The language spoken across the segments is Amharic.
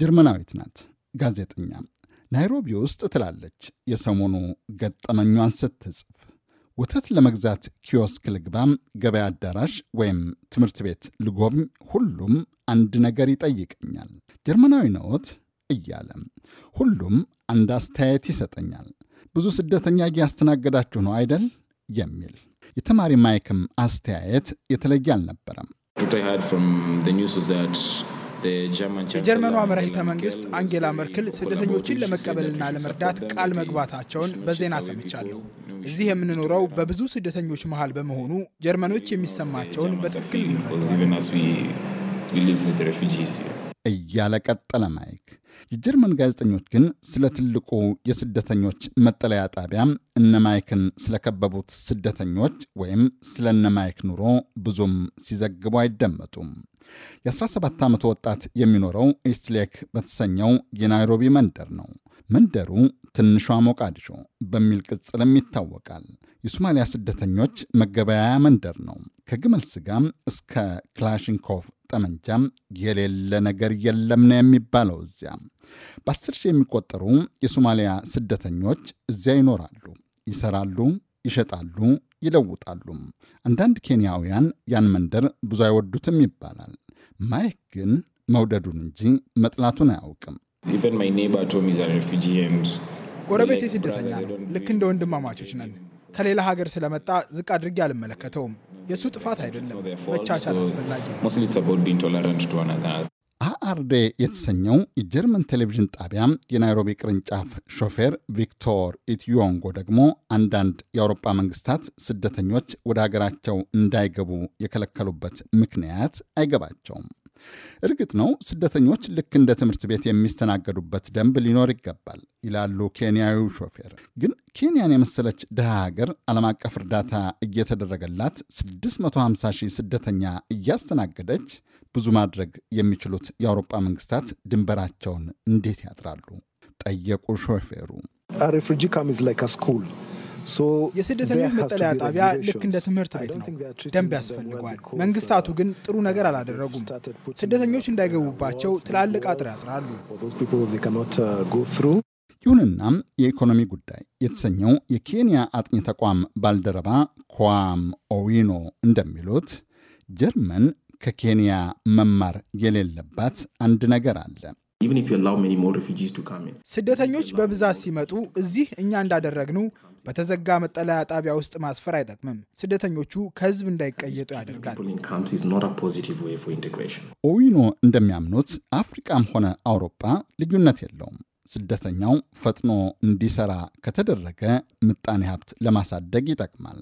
ጀርመናዊት ናት፣ ጋዜጠኛ ናይሮቢ ውስጥ ትላለች። የሰሞኑ ገጠመኟን ስትጽፍ ወተት ለመግዛት ኪዮስክ ልግባም፣ ገበያ አዳራሽ ወይም ትምህርት ቤት ልጎብኝ፣ ሁሉም አንድ ነገር ይጠይቀኛል። ጀርመናዊ ነዎት እያለ ሁሉም አንድ አስተያየት ይሰጠኛል። ብዙ ስደተኛ እያስተናገዳችሁ ነው አይደል? የሚል የተማሪ ማይክም አስተያየት የተለየ አልነበረም። የጀርመኗ መራሂተ መንግስት አንጌላ መርክል ስደተኞችን ለመቀበልና ለመርዳት ቃል መግባታቸውን በዜና ሰምቻለሁ። እዚህ የምንኖረው በብዙ ስደተኞች መሀል በመሆኑ ጀርመኖች የሚሰማቸውን በትክክል እያለ ቀጠለ ማይክ የጀርመን ጋዜጠኞች ግን ስለ ትልቁ የስደተኞች መጠለያ ጣቢያ እነማይክን ስለከበቡት ስደተኞች ወይም ስለ እነማይክ ኑሮ ብዙም ሲዘግቡ አይደመጡም። የ17 ዓመቱ ወጣት የሚኖረው ኢስትሌክ በተሰኘው የናይሮቢ መንደር ነው። መንደሩ ትንሿ ሞቃዲሾ በሚል ቅጽልም ይታወቃል። የሶማሊያ ስደተኞች መገበያያ መንደር ነው። ከግመል ስጋ እስከ ክላሽንኮቭ ጠመንጃም የሌለ ነገር የለም ነው የሚባለው። እዚያ በአስር ሺህ የሚቆጠሩ የሶማሊያ ስደተኞች እዚያ ይኖራሉ፣ ይሰራሉ፣ ይሸጣሉ፣ ይለውጣሉ። አንዳንድ ኬንያውያን ያን መንደር ብዙ አይወዱትም ይባላል። ማይክ ግን መውደዱን እንጂ መጥላቱን አያውቅም። ጎረቤቴ ስደተኛ ነው። ልክ እንደ ወንድማማቾች ነን። ከሌላ ሀገር ስለመጣ ዝቅ አድርጌ አልመለከተውም። የእሱ ጥፋት አይደለም። መቻቻል አስፈላጊ ነው። አአርዴ የተሰኘው የጀርመን ቴሌቪዥን ጣቢያ የናይሮቢ ቅርንጫፍ ሾፌር ቪክቶር ኢትዮንጎ ደግሞ አንዳንድ የአውሮፓ መንግስታት ስደተኞች ወደ ሀገራቸው እንዳይገቡ የከለከሉበት ምክንያት አይገባቸውም። እርግጥ ነው ስደተኞች ልክ እንደ ትምህርት ቤት የሚስተናገዱበት ደንብ ሊኖር ይገባል ይላሉ ኬንያዊ ሾፌር። ግን ኬንያን የመሰለች ድሃ ሀገር ዓለም አቀፍ እርዳታ እየተደረገላት 650 ሺህ ስደተኛ እያስተናገደች ብዙ ማድረግ የሚችሉት የአውሮጳ መንግስታት ድንበራቸውን እንዴት ያጥራሉ? ጠየቁ ሾፌሩ። የስደተኞች መጠለያ ጣቢያ ልክ እንደ ትምህርት ቤት ነው። ደንብ ያስፈልጓል። መንግስታቱ uh, ግን ጥሩ ነገር አላደረጉም። ስደተኞች እንዳይገቡባቸው ትላልቅ አጥር ያጥራሉ። uh, ይሁንና የኢኮኖሚ ጉዳይ የተሰኘው የኬንያ አጥኚ ተቋም ባልደረባ ኳም ኦዊኖ እንደሚሉት ጀርመን ከኬንያ መማር የሌለባት አንድ ነገር አለ። ስደተኞች በብዛት ሲመጡ እዚህ እኛ እንዳደረግነው በተዘጋ መጠለያ ጣቢያ ውስጥ ማስፈር አይጠቅምም። ስደተኞቹ ከህዝብ እንዳይቀየጡ ያደርጋል። ኦዊኖ እንደሚያምኑት አፍሪቃም ሆነ አውሮፓ ልዩነት የለውም። ስደተኛው ፈጥኖ እንዲሰራ ከተደረገ ምጣኔ ሀብት ለማሳደግ ይጠቅማል።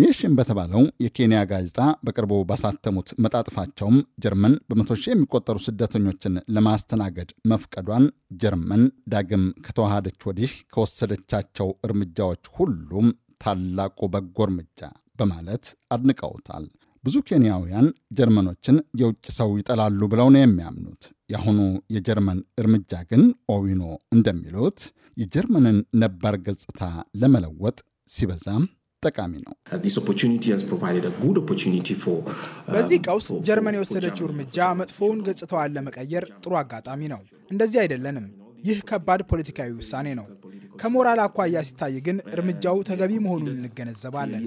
ኔሽን በተባለው የኬንያ ጋዜጣ በቅርቡ ባሳተሙት መጣጥፋቸውም ጀርመን በመቶ ሺህ የሚቆጠሩ ስደተኞችን ለማስተናገድ መፍቀዷን ጀርመን ዳግም ከተዋሃደች ወዲህ ከወሰደቻቸው እርምጃዎች ሁሉም ታላቁ በጎ እርምጃ በማለት አድንቀውታል። ብዙ ኬንያውያን ጀርመኖችን የውጭ ሰው ይጠላሉ ብለው ነው የሚያምኑት። የአሁኑ የጀርመን እርምጃ ግን ኦዊኖ እንደሚሉት የጀርመንን ነባር ገጽታ ለመለወጥ ሲበዛም ጠቃሚ ነው። uh, uh, በዚህ ቀውስ ጀርመን የወሰደችው እርምጃ መጥፎውን ገጽታዋን ለመቀየር ጥሩ አጋጣሚ ነው። እንደዚህ አይደለንም። ይህ ከባድ ፖለቲካዊ ውሳኔ ነው። ከሞራል አኳያ ሲታይ ግን እርምጃው ተገቢ መሆኑን እንገነዘባለን።